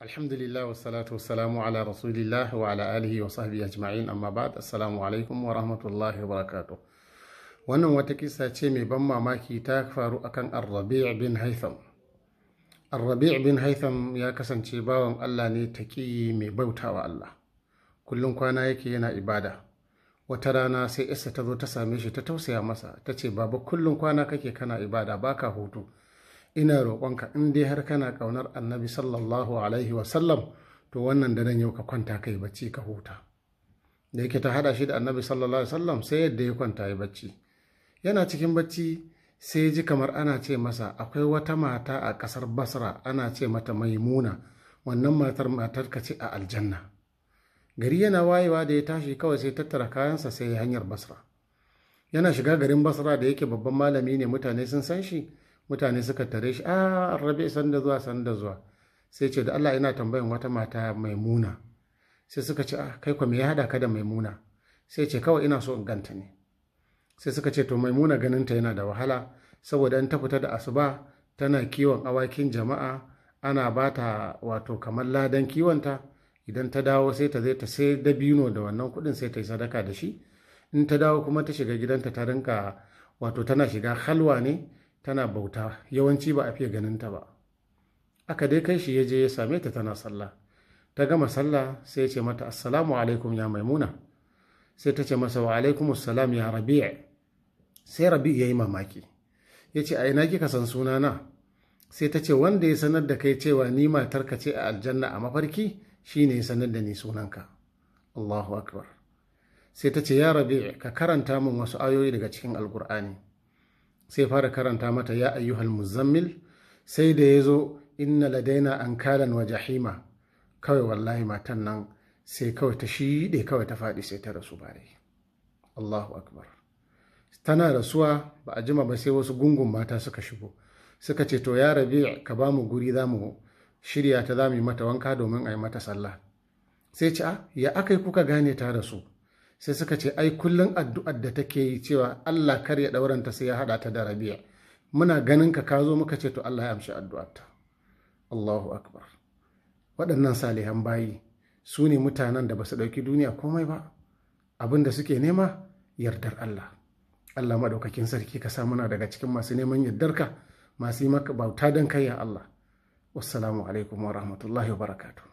alhamdulillah wa salatu wa salamu ala rasulillah wa ala alihi wa sahbihi ajma'in amma ba'ad assalamu alaikum wa rahmatullahi wa wannan wata kisa ce mai ban mamaki ta faru akan arrabi' bin haitham arrabi' bin haitham ya kasance bawan Allah ne ta taƙi mai bautawa Allah kullum kwana yake yana ibada wata rana sai isa ta zo ta same shi ta tausaya masa ta ce babu kullum kwana kake kana ibada baka hutu ina roƙonka in dai har kana ƙaunar annabi sallallahu alaihi wasallam to wannan da yau ka kwanta kai bacci ka huta da yake ta haɗa shi da annabi sallallahu alaihi wasallam sai yadda ya kwanta ya bacci yana cikin bacci sai ji kamar ana ce masa akwai wata mata a ƙasar basra ana ce mata maimuna wannan matar matar ka ce a aljanna gari yana wayewa da ya tashi kawai sai tattara kayansa sai ya hanyar basra yana shiga garin basra da yake babban malami ne mutane sun san shi mutane suka tare shi a ah, rabe sanda zuwa sanda zuwa sai ce da Allah yana tambayin wata mata mai muna. sai suka ce ah kai kwa me ya hada ka da mai muna? sai ce kawai ina so in ganta ne sai suka ce to mai ganin ta yana da wahala saboda in ta fita da asuba tana kiwon awakin jama'a ana ba ta wato kamar ladan kiwonta idan ta dawo sai ta zai ta sai dabino da wannan kuɗin sai ta yi sadaka da shi in ta dawo kuma ta shiga gidanta ta rinka wato tana shiga halwa ne tana bauta yawanci ba a fiye ganin ta ba aka dai kai shi ya je ya same ta tana sallah ta gama sallah sai ya ce mata assalamu alaikum ya maimuna sai ta ce masa wa alaikum assalam ya rabi'a sai rabi ya yi mamaki ya ce a ina kika san suna na? sai ta ce wanda ya sanar da kai cewa ni matarka ce a aljanna a mafarki shine ya sanar da ni sunanka Allahu akbar sai ta ce ya rabi ka karanta min wasu ayoyi daga cikin alkur'ani sai fara karanta mata ya ayyuhal muzammil sai da ya zo inna ladaina an kalan wa jahima kawai wallahi matan nan sai kawai ta shiɗe kawai ta faɗi sai ta rasu bare Allahu akbar tana rasuwa ba a jima ba sai wasu gungun mata suka shigo suka ce to ya rabi ka ba mu guri za mu shirya ta za mu yi mata wanka domin a yi mata sallah sai ce ah, ya aka yi kuka gane ta rasu sai suka ce ai kullum addu'ar da take yi cewa Allah kar ya ɗauranta sai ya haɗa ta da rabi'a muna ganin ka ka zo muka ce to Allah ya amshi addu'arta Allahu akbar waɗannan salihan bayi su ne mutanen da ba su ɗauki duniya komai ba abin da suke nema yardar Allah Allah maɗaukakin sarki ka sa muna daga cikin masu neman ka? masu yi maka bauta don kai ya Allah wassalamu alaikum wa rahmatullahi wa barakatuh